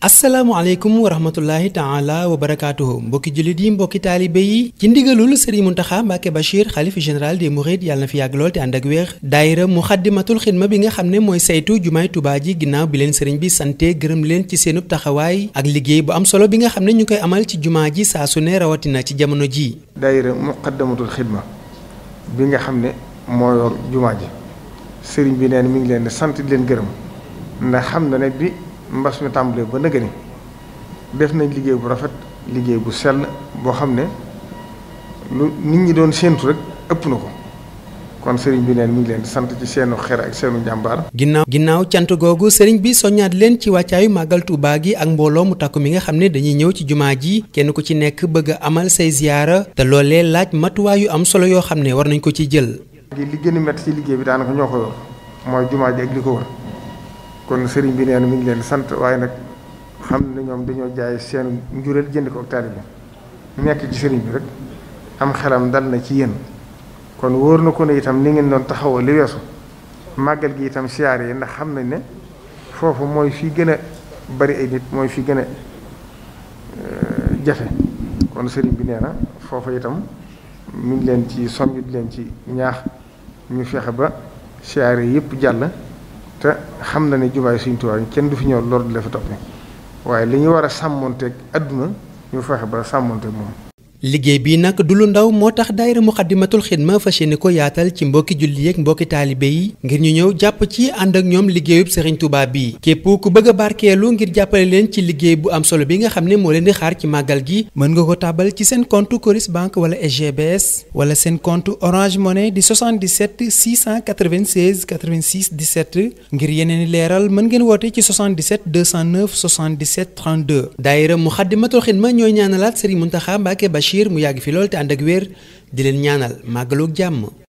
asalaamaaleykum wa rahmatullahi taala wa barakaatuhu mbokki jullit yi mbokki taalibe yi ci ndigalul sëriñ Muntaxa Mbàkke Bachir xalif général des mourides yàlla fi yàgg lool te ànd ak wéex daayira muxaddimatul xidma bi nga xam ne mooy saytu jumaay tubaa ji ginnaaw bi leen sëriñ bi sante gërëm leen ci seenub taxawaay ak liggéey bu am solo bi nga xam ne ñu koy amal ci jumaa ji saa su ne rawatina ci jamono jii daayira muxaddimatul xidma bi nga xam ne moo sëriñ bi neen mi ngi leen sant leen gërëm mbas mi tàmbalee ba nëgë def nañ liggéey bu rafet liggéey bu sell boo xam ne lu nit ñi doon séentu rek ëpp na ko kon sëriñ bi neen mi ngi leen sant ci seenu xer ak seenu jàmbaar. ginnaaw cant googu sëriñ bi soññaat leen ci wàccaayu màggal Tuuba gi ak mbooloo mu takku mi nga xam ne dañuy ñëw ci jumaa ji kenn ku ci nekk bëgg a amal say ziyaara te loolee laaj matuwaay yu am solo yoo xam ne war nañ ko ci jël. li gën a métti ci liggéey bi daanaka ñoo ko yor mooy ko wër kon sëriñ bi nee na mi ngi leen sant waaye nag xam ne ñoom dañoo jaay seen njureel jënd ko ak taalibe nekk ci sëriñ bi rek am xelam dal na ci yéen kon wóor na ko ne itam ni ngeen doon taxawoo li weesu màggal gi itam siyaar yi ndax xam na ne foofu mooy fi gën a bari ay nit mooy fi gën a euh, jafe kon sëriñ bi nee na foofu itam mu ngi leen ci soññ leen ci ñaax ñu fexe ba siyaar yi yëpp jàll te xam na ne jubaay Sëriñ Tuubaa kenn du fi ñëw loolu di la waaye li ñu war a sàmmonteeg àdduna ñu fexe ba sàmmonteeg moom liggéey bi nag du lu ndaw moo tax daayira muxaddamatul xidma fas yéene ko yaatal ci mbokki julli yeeg mbokki taalibe yi ngir ñu ñëw jàpp ci ànd ak ñoom liggéeyub Serigne tubaab bi képp ku bëgg a barkeelu ngir jàppale leen ci liggéey bu am solo bi nga xam ne moo leen di xaar ci màggal gi mën nga ko tàbbal ci seen compte Coris Bank wala SGBS wala seen conte Orange Money di 77 696 86 17 ngir yeneen leeral mën ngeen woote ci 77 209 77 32 daayira muxaddamatul xidma ñooy ñaanalaat Serigne Bachir mu yàgg fi lool te ànd ak wér di leen ñaanal màggaloog jàmm.